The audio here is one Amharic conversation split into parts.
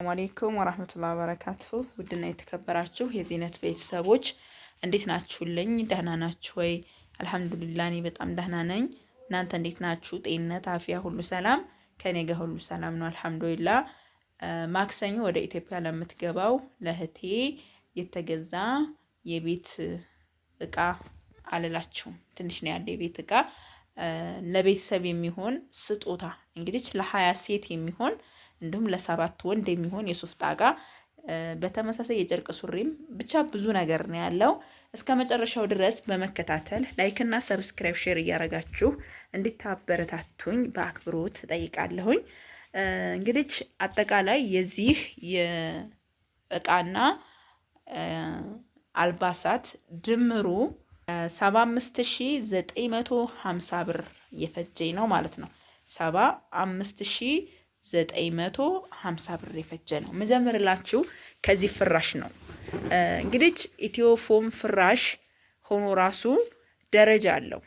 ሰላም አሌይኩም ወራህመቱላ በረካቱሁ ውድና የተከበራችሁ የዜነት ቤተሰቦች እንዴት ናችሁልኝ? ደህና ናችሁ ወይ? አልሐምዱሊላ እኔ በጣም ደህና ነኝ። እናንተ እንዴት ናችሁ? ጤንነት፣ አፍያ ሁሉ ሰላም? ከኔ ጋር ሁሉ ሰላም ነው አልሐምዱሊላ። ማክሰኞ ወደ ኢትዮጵያ ለምትገባው ለህቴ የተገዛ የቤት እቃ አልላችሁም፣ ትንሽ ነው ያለ የቤት እቃ ለቤተሰብ የሚሆን ስጦታ እንግዲህ ለሀያ ሴት የሚሆን እንዲሁም ለሰባት ወንድ የሚሆን የሱፍ ጣጋ በተመሳሳይ የጨርቅ ሱሪም ብቻ ብዙ ነገር ነው ያለው። እስከ መጨረሻው ድረስ በመከታተል ላይክና ሰብስክራይብ ሼር እያደረጋችሁ እንድታበረታቱኝ በአክብሮት ጠይቃለሁኝ። እንግዲህ አጠቃላይ የዚህ የእቃና አልባሳት ድምሩ 75950 ብር እየፈጀኝ ነው ማለት ነው 75950 ዘጠኝ መቶ ሀምሳ ብር የፈጀ ነው። መጀመርላችሁ ከዚህ ፍራሽ ነው እንግዲህ ኢትዮፎም ፍራሽ ሆኖ ራሱ ደረጃ አለው።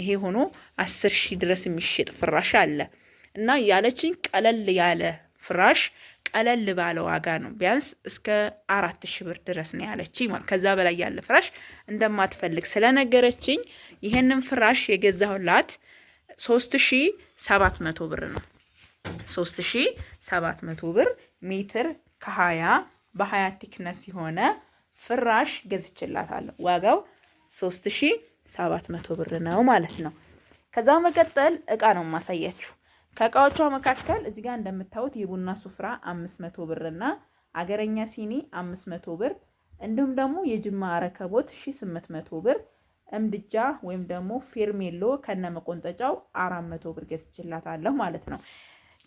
ይሄ ሆኖ አስር ሺህ ድረስ የሚሸጥ ፍራሽ አለ እና ያለችን ቀለል ያለ ፍራሽ ቀለል ባለ ዋጋ ነው። ቢያንስ እስከ አራት ሺህ ብር ድረስ ነው ያለችኝ። ከዛ በላይ ያለ ፍራሽ እንደማትፈልግ ስለነገረችኝ ይሄንን ፍራሽ የገዛሁላት ሶስት ሺህ ሰባት መቶ ብር ነው። 3700 ብር ሜትር ከ20 በ20 ቲክነስ የሆነ ፍራሽ ገዝችላታለሁ። ዋጋው 3700 ብር ነው ማለት ነው። ከዛ መቀጠል እቃ ነው የማሳያችሁ። ከእቃዎቿ መካከል እዚህ ጋር እንደምታዩት የቡና ሱፍራ 500 ብር እና አገረኛ ሲኒ 500 ብር እንዲሁም ደግሞ የጅማ ረከቦት 1800 ብር እምድጃ ወይም ደግሞ ፌርሜሎ ከነመቆንጠጫው መቆንጠጫው 400 ብር ገዝችላታለሁ ማለት ነው።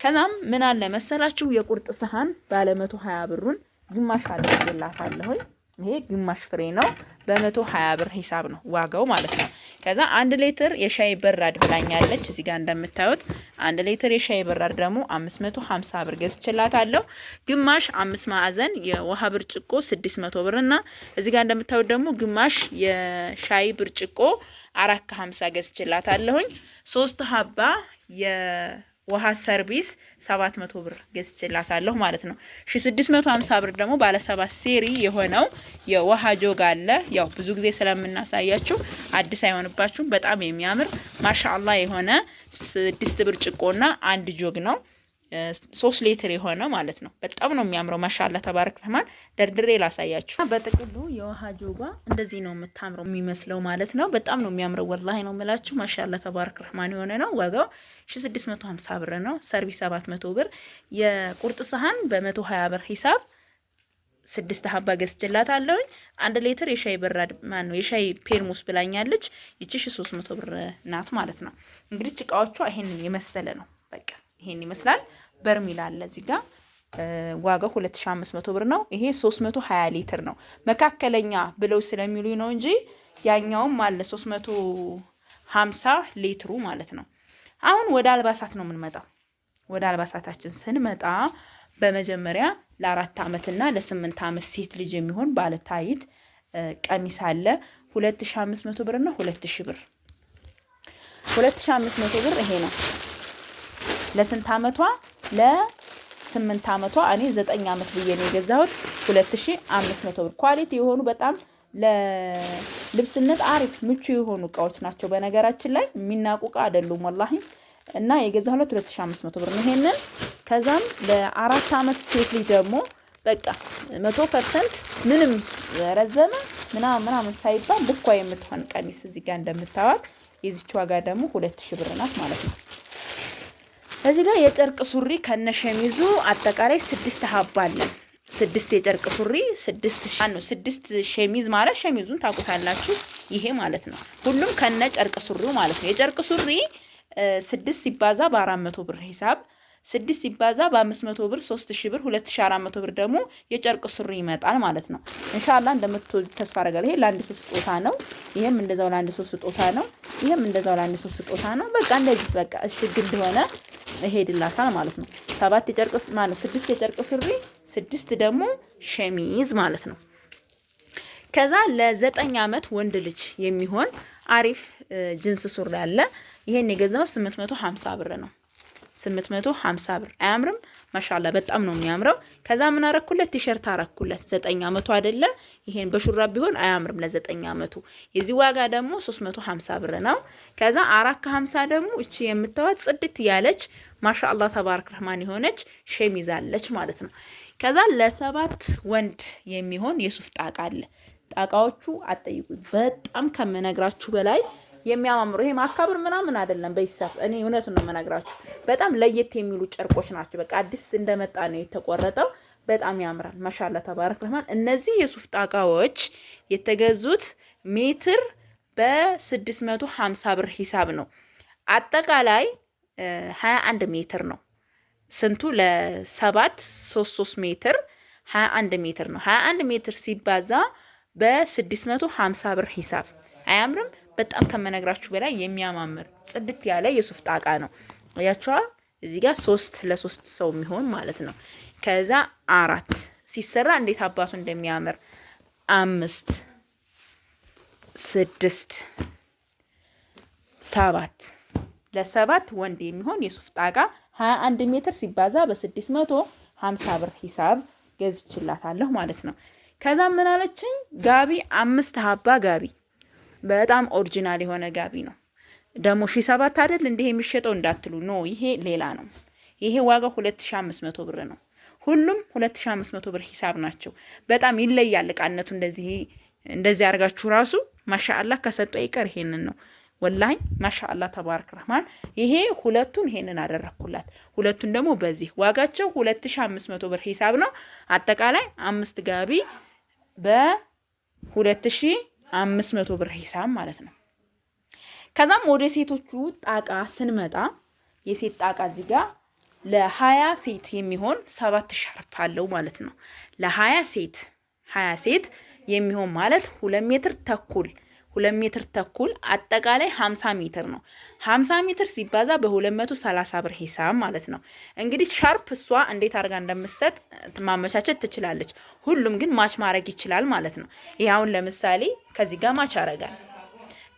ከዛም ምን አለ መሰላችሁ የቁርጥ ሰሃን ባለ 120 ብሩን ግማሽ አድርጌላታለሁ። ይሄ ግማሽ ፍሬ ነው፣ በ120 ብር ሂሳብ ነው ዋጋው ማለት ነው። ከዛ አንድ ሌትር የሻይ በራድ ብላኛለች። እዚህ ጋር እንደምታዩት አንድ ሌትር የሻይ በራድ ደግሞ 550 ብር ገዝቼላታለሁ። ግማሽ አምስት ማዕዘን የውሃ ብርጭቆ 600 ብር እና እዚህ ጋር እንደምታዩት ደግሞ ግማሽ የሻይ ብርጭቆ 450 ገዝቼላታለሁኝ። ሶስት ሀባ የ ውሃ ሰርቪስ 700 ብር ገዝቼላታለሁ ማለት ነው። 1650 ብር ደግሞ ባለ 7 ሴሪ የሆነው የውሃ ጆግ አለ። ያው ብዙ ጊዜ ስለምናሳያችሁ አዲስ አይሆንባችሁም። በጣም የሚያምር ማሻአላ የሆነ ስድስት ብርጭቆና አንድ ጆግ ነው። ሶስት ሌተር የሆነ ማለት ነው። በጣም ነው የሚያምረው። ማሻላ ተባረክ ረህማን። ደርድሬ ላሳያችሁ። በጥቅሉ የውሃ ጆባ እንደዚህ ነው የምታምረው የሚመስለው ማለት ነው። በጣም ነው የሚያምረው። ወላሂ ነው የምላችሁ። ማሻላ ተባረክ ረህማን የሆነ ነው። ዋጋው 650 ብር ነው። ሰርቪስ 700 ብር፣ የቁርጥ ሰሃን በ120 ብር ሂሳብ ስድስት ሀባ ገዝቼላት አለውኝ። አንድ ሌትር የሻይ በራድ ማን ነው የሻይ ፔርሙስ ብላኛለች። ይቺ ሺ ሶስት መቶ ብር ናት ማለት ነው። እንግዲህ እቃዎቿ ይሄንን የመሰለ ነው። በቃ ይሄን ይመስላል። በርሚል አለ እዚህ ጋር ዋጋው 2500 ብር ነው። ይሄ 320 ሊትር ነው። መካከለኛ ብለው ስለሚሉ ነው እንጂ ያኛውም አለ 350 ሊትሩ ማለት ነው። አሁን ወደ አልባሳት ነው የምንመጣው። ወደ አልባሳታችን ስንመጣ በመጀመሪያ ለአራት ዓመትና ለስምንት ዓመት ሴት ልጅ የሚሆን ባለታይት ቀሚስ አለ 2500 ብር እና 2000 ብር 2500 ብር ይሄ ነው። ለስንት ዓመቷ ለስምንት ዓመቷ እኔ ዘጠኝ ዓመት ብዬ ነው የገዛሁት ሁለት ሺ አምስት መቶ ብር ኳሊቲ የሆኑ በጣም ለልብስነት አሪፍ ምቹ የሆኑ እቃዎች ናቸው። በነገራችን ላይ የሚናቁ እቃ አይደሉም ወላሂ እና የገዛሁት ሁለት ሺ አምስት መቶ ብር ነው ይሄንን። ከዛም ለአራት ዓመት ሴት ልጅ ደግሞ በቃ መቶ ፐርሰንት ምንም ረዘመ ምናምን ምናምን ሳይባል ልኳ የምትሆን ቀሚስ እዚህ ጋር እንደምታዋት የዚች ዋጋ ደግሞ ሁለት ሺህ ብር ናት ማለት ነው። እዚህ ጋር የጨርቅ ሱሪ ከነ ሸሚዙ አጠቃላይ ስድስት ሀባ አለን። ስድስት የጨርቅ ሱሪ ስድስት ነው። ስድስት ሸሚዝ ማለት ሸሚዙን ታውቁታላችሁ። ይሄ ማለት ነው ሁሉም ከነ ጨርቅ ሱሪው ማለት ነው። የጨርቅ ሱሪ ስድስት ሲባዛ በአራት መቶ ብር ሂሳብ ስድስት ሲባዛ በአምስት መቶ ብር ሶስት ሺ ብር ሁለት ሺ አራት መቶ ብር ደግሞ የጨርቅ ሱሪ ይመጣል ማለት ነው። እንሻላ እንደምትወዱ ተስፋ አደርጋለሁ። ይሄ ለአንድ ሰው ስጦታ ነው። ይሄም እንደዛው ለአንድ ሰው ስጦታ ነው። ይሄም እንደዛው ለአንድ ሰው ስጦታ ነው። በቃ እንደዚህ በቃ ሽግል ሆነ ይሄድላታል ማለት ነው። ሰባት የጨርቅ ማለት ስድስት የጨርቅ ሱሪ ስድስት ደግሞ ሸሚዝ ማለት ነው። ከዛ ለዘጠኝ ዓመት ወንድ ልጅ የሚሆን አሪፍ ጅንስ ሱሪ አለ። ይሄን የገዛው 850 ብር ነው። 850 ብር አያምርም? ማሻላ በጣም ነው የሚያምረው። ከዛ ምን አረኩለት? ቲሸርት አረኩለት። አመቱ አይደለ? ይሄን በሹራብ ቢሆን አያምርም ለ አመቱ። የዚህ ዋጋ ደግሞ 350 ብር ነው። ከዛ አራት ከ50 ደግሞ እቺ የምታዋት ጽድት ያለች ማሻአላ ተባረክ ረህማን የሆነች ሸሚዝ አለች ማለት ነው። ከዛ ለሰባት ወንድ የሚሆን የሱፍ ጣቃ አለ። ጣቃዎቹ አጠይቁኝ በጣም ከምነግራችሁ በላይ የሚያማምሩ ይሄ ማካብር ምናምን አይደለም። በሂሳብ እኔ እውነቱን ነው የምነግራችሁ። በጣም ለየት የሚሉ ጨርቆች ናቸው። በቃ አዲስ እንደመጣ ነው የተቆረጠው። በጣም ያምራል። ማሻላ ተባረክ ረህማን። እነዚህ የሱፍ ጣቃዎች የተገዙት ሜትር በ650 ብር ሂሳብ ነው። አጠቃላይ 21 ሜትር ነው። ስንቱ ለሰባት 33 ሜትር 21 ሜትር ነው። 21 ሜትር ሲባዛ በ650 ብር ሂሳብ አያምርም? በጣም ከመነግራችሁ በላይ የሚያማምር ጽድት ያለ የሱፍ ጣቃ ነው። እያቸዋ እዚህ ጋር ሶስት ለሶስት ሰው የሚሆን ማለት ነው። ከዛ አራት ሲሰራ እንዴት አባቱ እንደሚያምር አምስት፣ ስድስት፣ ሰባት ለሰባት ወንድ የሚሆን የሱፍ ጣቃ 21 ሜትር ሲባዛ መቶ ሀምሳ ብር ሂሳብ ገዝችላታለሁ ማለት ነው። ከዛ ምን አለችኝ? ጋቢ አምስት ሀባ ጋቢ በጣም ኦሪጂናል የሆነ ጋቢ ነው። ደግሞ ሺ ሰባት አይደል እንዲህ የሚሸጠው እንዳትሉ ኖ፣ ይሄ ሌላ ነው። ይሄ ዋጋው ሁለት ሺ አምስት መቶ ብር ነው። ሁሉም ሁለት ሺ አምስት መቶ ብር ሂሳብ ናቸው። በጣም ይለያል እቃነቱ። እንደዚህ እንደዚህ አድርጋችሁ ራሱ ማሻአላ ከሰጡ አይቀር ይሄንን ነው ወላኝ ማሻአላ ተባረክ ረህማን። ይሄ ሁለቱን ይሄንን አደረግኩላት። ሁለቱን ደግሞ በዚህ ዋጋቸው መቶ ብር ሂሳብ ነው። አጠቃላይ አምስት ጋቢ በሁለት 2000 አምስት መቶ ብር ሂሳብ ማለት ነው። ከዛም ወደ ሴቶቹ ጣቃ ስንመጣ የሴት ጣቃ እዚህ ጋር ለሀያ ሴት የሚሆን ሰባት ሻርፕ አለው ማለት ነው። ለሀያ ሴት ሀያ ሴት የሚሆን ማለት ሁለት ሜትር ተኩል ሁለት ሜትር ተኩል አጠቃላይ 50 ሜትር ነው። 50 ሜትር ሲባዛ በ230 ብር ሂሳብ ማለት ነው። እንግዲህ ሻርፕ እሷ እንዴት አድርጋ እንደምትሰጥ ማመቻቸት ትችላለች። ሁሉም ግን ማች ማድረግ ይችላል ማለት ነው። ይህ አሁን ለምሳሌ ከዚህ ጋር ማች አረጋል።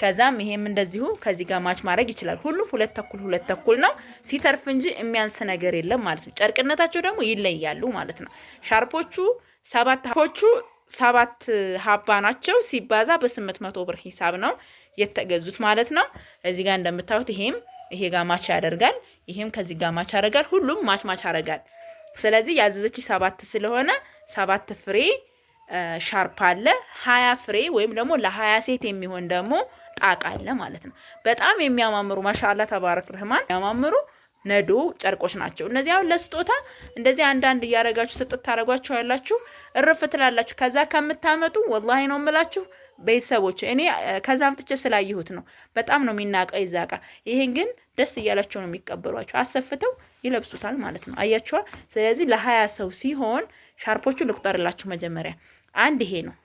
ከዛም ይሄም እንደዚሁ ከዚህ ጋር ማች ማድረግ ይችላል። ሁሉም ሁለት ተኩል ሁለት ተኩል ነው ሲተርፍ እንጂ የሚያንስ ነገር የለም ማለት ነው። ጨርቅነታቸው ደግሞ ይለያሉ ማለት ነው። ሻርፖቹ ሰባት ሀፎቹ ሰባት ሀባ ናቸው ሲባዛ በስምንት መቶ ብር ሂሳብ ነው የተገዙት ማለት ነው። እዚህ ጋር እንደምታዩት ይሄም ይሄ ጋር ማች ያደርጋል፣ ይሄም ከዚህ ጋር ማች ያደርጋል። ሁሉም ማች ማች ያደርጋል። ስለዚህ ያዘዘች ሰባት ስለሆነ ሰባት ፍሬ ሻርፕ አለ፣ ሀያ ፍሬ ወይም ደግሞ ለሀያ ሴት የሚሆን ደግሞ ጣቃ አለ ማለት ነው። በጣም የሚያማምሩ ማሻላ ተባረክ ረህማን ያማምሩ ነዶ ጨርቆች ናቸው። እነዚህ አሁን ለስጦታ እንደዚህ አንዳንድ እያረጋችሁ ስጥት ታደረጓቸው ያላችሁ እርፍ ትላላችሁ። ከዛ ከምታመጡ ወላሂ ነው ምላችሁ ቤተሰቦች እኔ ከዛ አምጥቼ ስላየሁት ነው። በጣም ነው የሚናቀው ይዛ እቃ። ይሄን ግን ደስ እያላቸው ነው የሚቀበሏቸው፣ አሰፍተው ይለብሱታል ማለት ነው። አያችኋ። ስለዚህ ለሀያ ሰው ሲሆን ሻርፖቹ ልቁጠርላችሁ። መጀመሪያ አንድ ይሄ ነው፣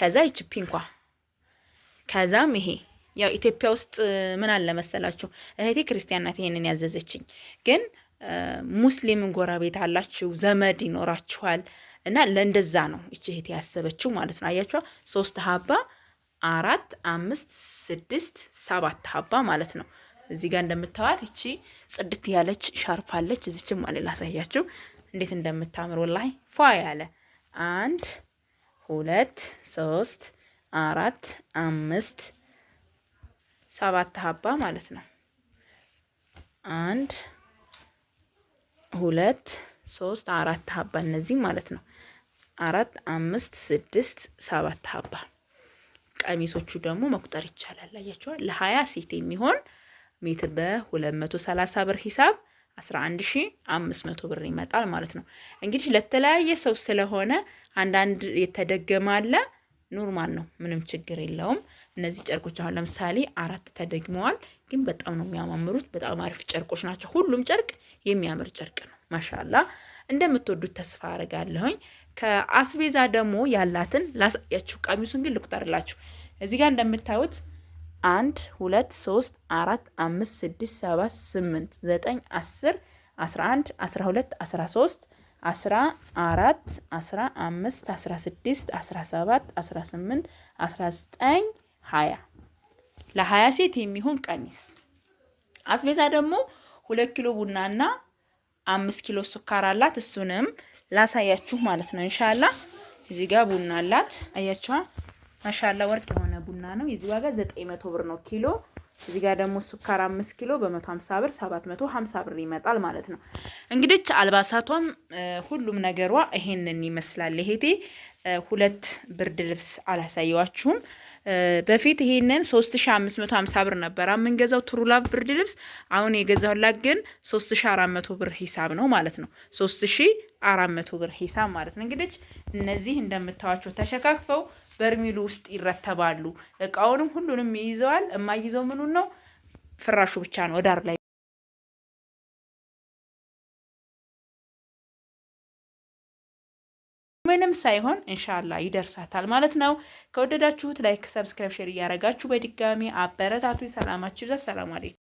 ከዛ ይች ፒንኳ፣ ከዛም ይሄ ያው ኢትዮጵያ ውስጥ ምን አለ መሰላችሁ እህቴ ክርስቲያን ናት ይሄንን ያዘዘችኝ። ግን ሙስሊም ጎረቤት አላችሁ፣ ዘመድ ይኖራችኋል እና ለእንደዛ ነው ይቺ እህቴ ያሰበችው ማለት ነው። አያችኋ ሶስት ሀባ አራት አምስት ስድስት ሰባት ሀባ ማለት ነው። እዚህ ጋር እንደምታዋት እቺ ጽድት ያለች ሻርፓለች። እዚችም አለ ላሳያችሁ እንዴት እንደምታምር ወላሂ ፏ ያለ አንድ ሁለት ሶስት አራት አምስት ሰባት ሀባ ማለት ነው። አንድ ሁለት ሶስት አራት ሀባ እነዚህ ማለት ነው። አራት አምስት ስድስት ሰባት ሀባ ቀሚሶቹ ደግሞ መቁጠር ይቻላል። አያችኋል። ለሀያ ሴት የሚሆን ሜትር በሁለት መቶ ሰላሳ ብር ሂሳብ መቶ ብር ይመጣል ማለት ነው። እንግዲህ ለተለያየ ሰው ስለሆነ አንዳንድ የተደገማለ ኖርማል ነው፣ ምንም ችግር የለውም። እነዚህ ጨርቆች አሁን ለምሳሌ አራት ተደግመዋል፣ ግን በጣም ነው የሚያማምሩት። በጣም አሪፍ ጨርቆች ናቸው። ሁሉም ጨርቅ የሚያምር ጨርቅ ነው። ማሻላ እንደምትወዱት ተስፋ አረጋለሁኝ። ከአስቤዛ ደግሞ ያላትን ላሳያችሁ። ቀሚሱን ግን ልቁጠርላችሁ። እዚህ ጋር እንደምታዩት አንድ ሁለት ሶስት አራት አምስት ስድስት ሰባት ስምንት ዘጠኝ አስር አስራ አንድ አስራ ሁለት አስራ ሶስት አስራ አራት አስራ አምስት አስራ ስድስት አስራ ሰባት አስራ ስምንት አስራ ዘጠኝ ሀያ ለሀያ ሴት የሚሆን ቀሚስ። አስቤዛ ደግሞ ሁለት ኪሎ ቡናና አምስት ኪሎ ስኳር አላት። እሱንም ላሳያችሁ ማለት ነው እንሻላ። እዚህ ጋር ቡና አላት አያችኋ። ማሻላ ወርቅ የሆነ ቡና ነው። የዚህ ዋጋ ዘጠኝ መቶ ብር ነው ኪሎ። እዚህ ጋር ደግሞ ስኳር አምስት ኪሎ በመቶ ሀምሳ ብር ሰባት መቶ ሀምሳ ብር ይመጣል ማለት ነው። እንግዲች አልባሳቷም ሁሉም ነገሯ ይሄንን ይመስላል። ይሄቴ ሁለት ብርድ ልብስ አላሳየዋችሁም። በፊት ይሄንን 3550 ብር ነበር የምንገዛው ትሩላቭ ብርድ ልብስ። አሁን የገዛሁላት ግን 3400 ብር ሂሳብ ነው ማለት ነው። 3400 ብር ሂሳብ ማለት ነው። እንግዲህ እነዚህ እንደምታዋቸው ተሸካክፈው በርሚሉ ውስጥ ይረተባሉ። እቃውንም ሁሉንም ይይዘዋል። የማይይዘው ምኑን ነው? ፍራሹ ብቻ ነው ዳር ላይ ምንም ሳይሆን እንሻላ ይደርሳታል ማለት ነው። ከወደዳችሁት ላይክ፣ ሰብስክራይብ፣ ሼር እያረጋችሁ በድጋሚ አበረታቱ። ሰላማችሁ ይብዛ። ሰላም አለይኩም።